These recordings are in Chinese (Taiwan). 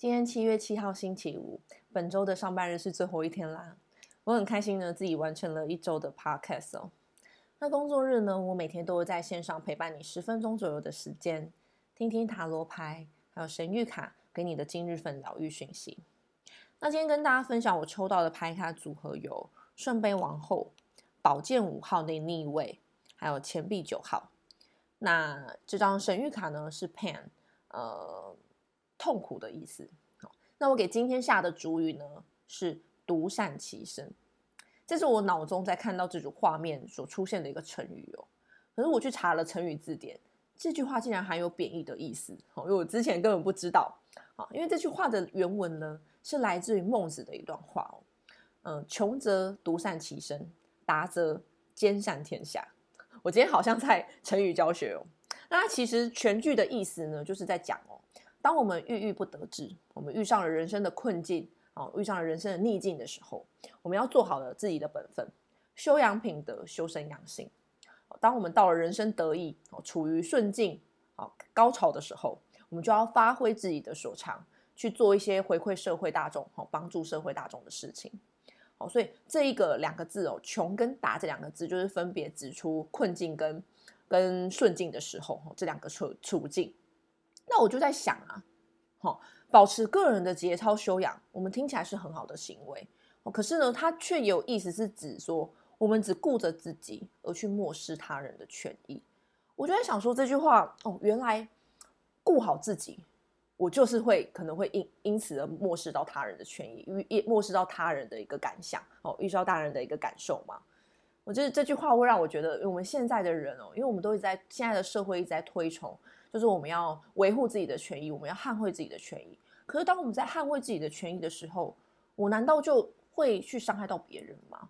今天七月七號，星期五，本週的上班日是最後一天啦。我很開心呢，自己完成了一周的 podcast 哦。那工作日呢，我每天都會在線上陪伴你十分鐘左右的時間，聽聽塔羅牌還有神諭卡給你的今日份療癒訊息。那今天跟大家分享我抽到的牌卡組合有聖杯王后、寶劍五號那逆位，還有錢幣九號。那這張神諭卡呢是 pan，呃。痛苦的意思。那我給今天下的主語呢是獨善其身，這是我腦中在看到這組畫面所出現的一個成語哦。可是我去查了成語字典，這句話竟然含有貶義的意思哦，因為我之前根本不知道。因為這句話的原文呢是來自於孟子的一段話哦。嗯，窮則獨善其身，達則兼善天下。我今天好像在成語教學哦。那其實全句的意思呢，就是在講哦。當我們鬱鬱不得志，我們遇上了人生的困境，啊，遇上了人生的逆境的時候，我們要做好了自己的本分，修養品德，修身養性。當我們到了人生得意，哦，處於順境，哦，高潮的時候，我們就要發揮自己的所長，去做一些回饋社會大眾，哦，幫助社會大眾的事情。哦，所以這一個兩個字哦，窮跟達這兩個字，就是分別指出困境跟跟順境的時候，這兩個處處境。那我就在想啊，好，保持個人的節操修養，我們聽起來是很好的行為，可是呢，它卻有意思是指說，我們只顧着自己而去漠視他人的權益。我就在想說這句話哦，原來顧好自己，我就是會可能會因因此而漠視到他人的權益，預漠視到他人的一個感想哦，預知到他人的一個感受嘛。我覺得這句話會讓我覺得，我們現在的人哦，因為我們都是在現在的社會一直在推崇。就是我們要維護自己的權益，我們要捍衛自己的權益。可是當我們在捍衛自己的權益的時候，我難道就會去傷害到別人嗎？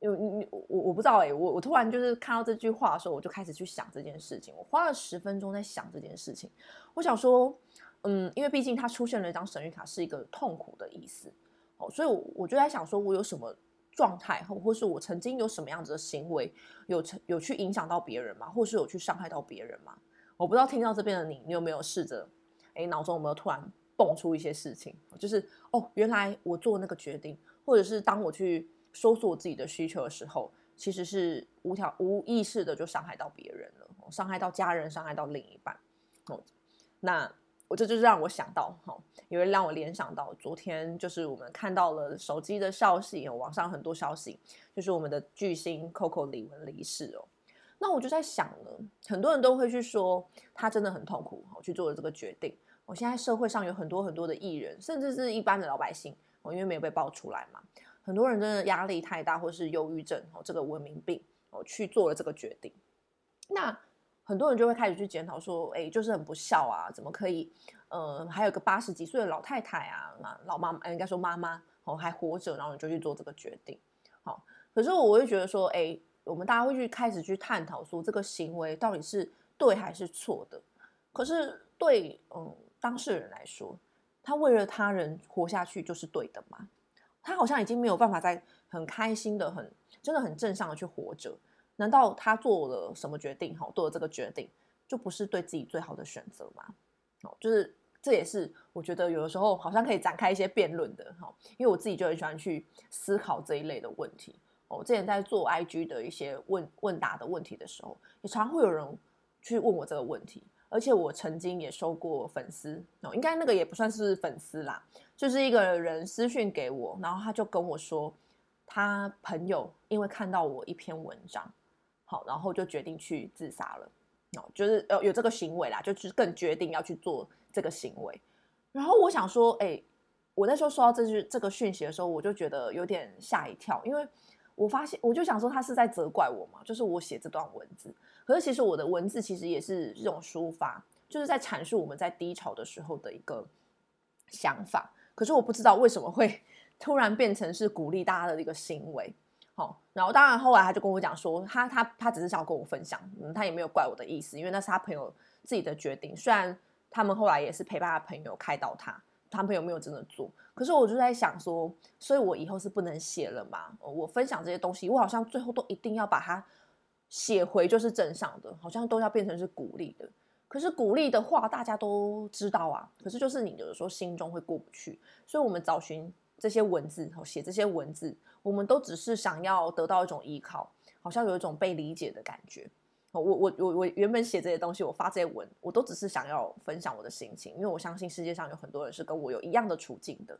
有你我我，我不知道哎、欸，我我突然就是看到這句話的時候，我就開始去想這件事情。我花了十分鐘在想這件事情。我想說，嗯，因為畢竟他出現了一張神諭卡，是一個痛苦的意思哦，所以我就在想說，我有什麼狀態，或或是我曾經有什麼樣子的行為，有成有去影響到別人嗎？或是有去傷害到別人嗎？我不知道聽到這邊的你，你有沒有試着哎，腦中有沒有突然蹦出一些事情？就是哦，原來我做那個決定，或者是當我去搜索自己的需求的時候，其實是無條無意識的就傷害到別人了，傷害到家人，傷害到另一半。哦，那我這就是讓我想到，哈、哦，也會讓我聯想到昨天，就是我們看到了手機的消息，有網上很多消息，就是我們的巨星 Coco 李玟離世哦。那我就在想呢，很多人都會去說他真的很痛苦，哦，去做了這個決定。我、哦、現在社會上有很多很多的藝人，甚至是一般的老百姓，哦，因為沒有被爆出來嘛，很多人真的壓力太大，或是憂鬱症哦，這個文明病，我、哦、去做了這個決定。那很多人就會開始去檢討說，哎，就是很不孝啊，怎麼可以？嗯、呃，還有個八十幾歲的老太太啊，老媽媽應該說媽媽哦還活着，然後你就去做這個決定。好，哦，可是我會覺得說，哎。我們大家會去開始去探討說，這個行為到底是對還是錯的，可是對嗯當事人來說，他為了他人活下去就是對的嗎？他好像已經沒有辦法在很開心的、很真的很正向的去活着，難道他做了什麼決定好，做了這個決定就不是對自己最好的選擇嗎？好，就是這也是我覺得有的時候好像可以展開一些辯論的哈，因為我自己就很喜歡去思考這一類的問題。我、哦、之前在做 IG 的一些問問答的問題的時候，也常，常會有人去問我這個問題。而且我曾經也收過粉絲哦，應該那個也不算是粉絲啦，就是一個人私訊給我，然後他就跟我說，他朋友因為看到我一篇文章，好，然後就決定去自殺了，哦，就是有有這個行為啦，就是更決定要去做這個行為。然後我想說，哎、欸，我那時候收到這句這個訊息的時候，我就覺得有點嚇一跳，因為。我發現，我就想說他是在責怪我嘛，就是我寫這段文字。可是其實我的文字其實也是這種抒發，就是在闡述我們在低潮的時候的一個想法。可是我不知道為什麼會突然變成是鼓勵大家的一個行為。好、哦，然後當然後來他就跟我講說，他他他只是想要跟我分享，嗯，他也沒有怪我的意思，因為那是他朋友自己的決定。雖然他們後來也是陪伴他朋友開導他。他朋友沒有真的做，可是我就在想說，所以我以後是不能寫了嘛、呃？我分享這些東西，我好像最後都一定要把它寫回，就是正向的，好像都要變成是鼓勵的。可是鼓勵的話，大家都知道啊。可是就是你有的時候心中會過不去，所以我們找尋這些文字，寫這些文字，我們都只是想要得到一種依靠，好像有一種被理解的感覺。我我我我原本寫這些東西，我發這些文，我都只是想要分享我的心情，因為我相信世界上有很多人是跟我有一樣的處境的。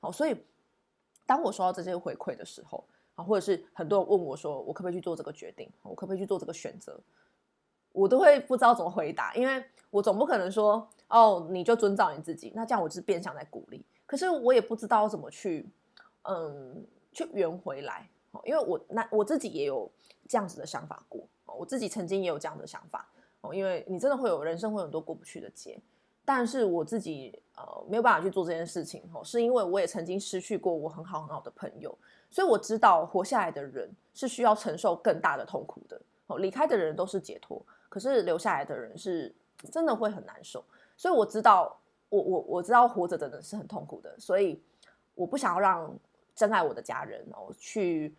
好，所以當我說到這些回饋的時候，啊，或者是很多人問我說，我可不可以去做這個決定，我可不可以去做這個選擇，我都會不知道怎麼回答，因為我總不可能說，哦，你就遵照你自己，那這樣我就是變相在鼓勵，可是我也不知道怎麼去，嗯，去圓回來。因為我那我自己也有這樣子的想法過，我自己曾經也有這樣的想法。因為你真的會有人生會有很多過不去的劫，但是我自己呃沒有辦法去做這件事情哦，是因為我也曾經失去過我很好很好的朋友，所以我知道活下來的人是需要承受更大的痛苦的。哦，離開的人都是解脫，可是留下來的人是真的會很難受。所以我知道，我我我知道活着的人是很痛苦的，所以我不想要讓真愛我的家人哦去。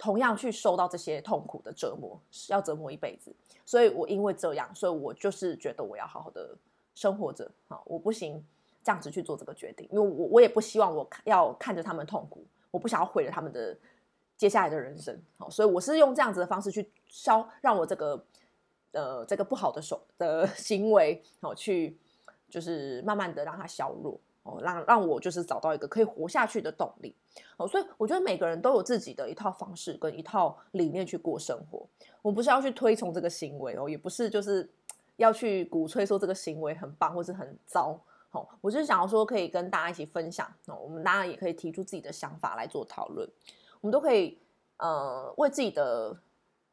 同樣去受到這些痛苦的折磨，要折磨一輩子，所以我因為這樣，所以我就是覺得我要好好的生活着，好，我不行這樣子去做這個決定，因為我我也不希望我要看着他們痛苦，我不想要毀了他們的接下來的人生，好，所以我是用這樣子的方式去消，讓我這個呃這個不好的手的行為，好、哦、去就是慢慢的讓它削弱。哦，讓讓我就是找到一個可以活下去的動力哦，所以我覺得每個人都有自己的一套方式跟一套理念去過生活。我不是要去推崇這個行為哦，也不是就是要去鼓吹說這個行為很棒或是很糟。哦，我就是想要說可以跟大家一起分享，哦，我們當然也可以提出自己的想法來做討論。我們都可以呃為自己的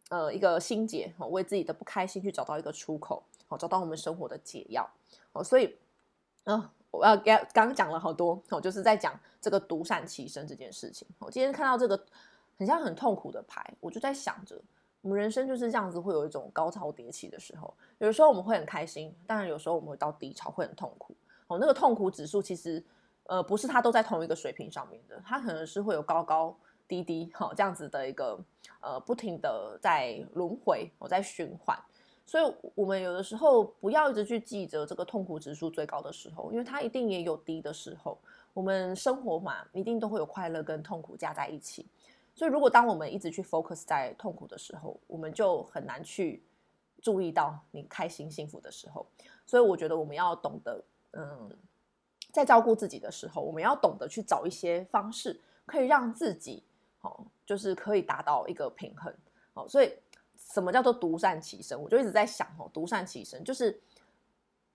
呃一個心結，哦，為自己的不開心去找到一個出口，哦，找到我們生活的解藥哦。所以嗯。啊我要剛剛講了好多，我就是在講這個獨善其身這件事情。我今天看到這個很像很痛苦的牌，我就在想着，我們人生就是這樣子，會有一種高潮迭起的時候，有的時候我們會很開心，當然有時候我們會到低潮會很痛苦。哦，那個痛苦指數其實呃不是它都在同一個水平上面的，它可能是會有高高低低，好這樣子的一個呃不停的在輪迴，我在循環。所以，我們有的時候不要一直去記着這個痛苦指數最高的時候，因為它一定也有低的時候。我們生活嘛，一定都會有快樂跟痛苦加在一起。所以，如果當我們一直去 focus 在痛苦的時候，我們就很難去注意到你開心幸福的時候。所以，我覺得我們要懂得，嗯，在照顧自己的時候，我們要懂得去找一些方式，可以讓自己，哦，就是可以達到一個平衡，哦，所以。什麼叫做獨善其身？我就一直在想哦，獨善其身就是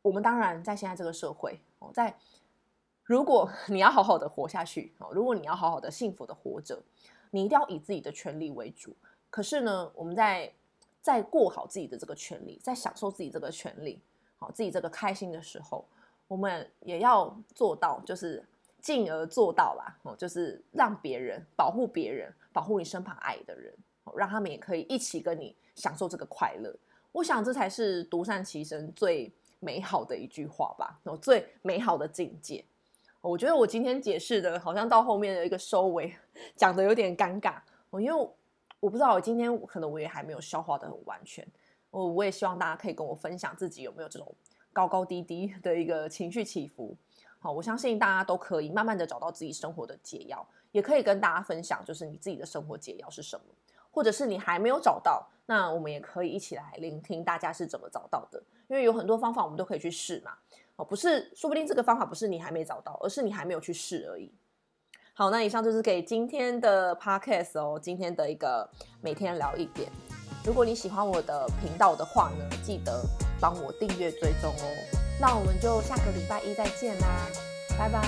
我們當然在現在這個社會哦，在如果你要好好的活下去哦，如果你要好好的幸福的活着，你一定要以自己的權利為主。可是呢，我們在在過好自己的這個權利，在享受自己這個權利，好，哦，自己這個開心的時候，我們也要做到，就是進而做到啦哦，就是讓別人保護別人，保護你身旁愛的人。讓他們也可以一起跟你享受這個快樂，我想這才是獨善其身最美好的一句話吧，最美好的境界。我覺得我今天解釋的，好像到後面的一個收尾講的有點尷尬，因為我不知道我今天我可能我也還沒有消化的很完全。我我也希望大家可以跟我分享自己有沒有這種高高低低的一個情緒起伏。好，我相信大家都可以慢慢的找到自己生活的解藥，也可以跟大家分享，就是你自己的生活解藥是什麼。或者是你還沒有找到，那我們也可以一起來聆聽大家是怎麼找到的，因為有很多方法我們都可以去試嘛。哦，不是，說不定這個方法不是你還沒找到，而是你還沒有去試而已。好，那以上就是給今天的 podcast 哦，今天的一個每天聊一點。如果你喜歡我的頻道的話呢，記得幫我訂閱追蹤哦。那我們就下個禮拜一再見啦，拜拜。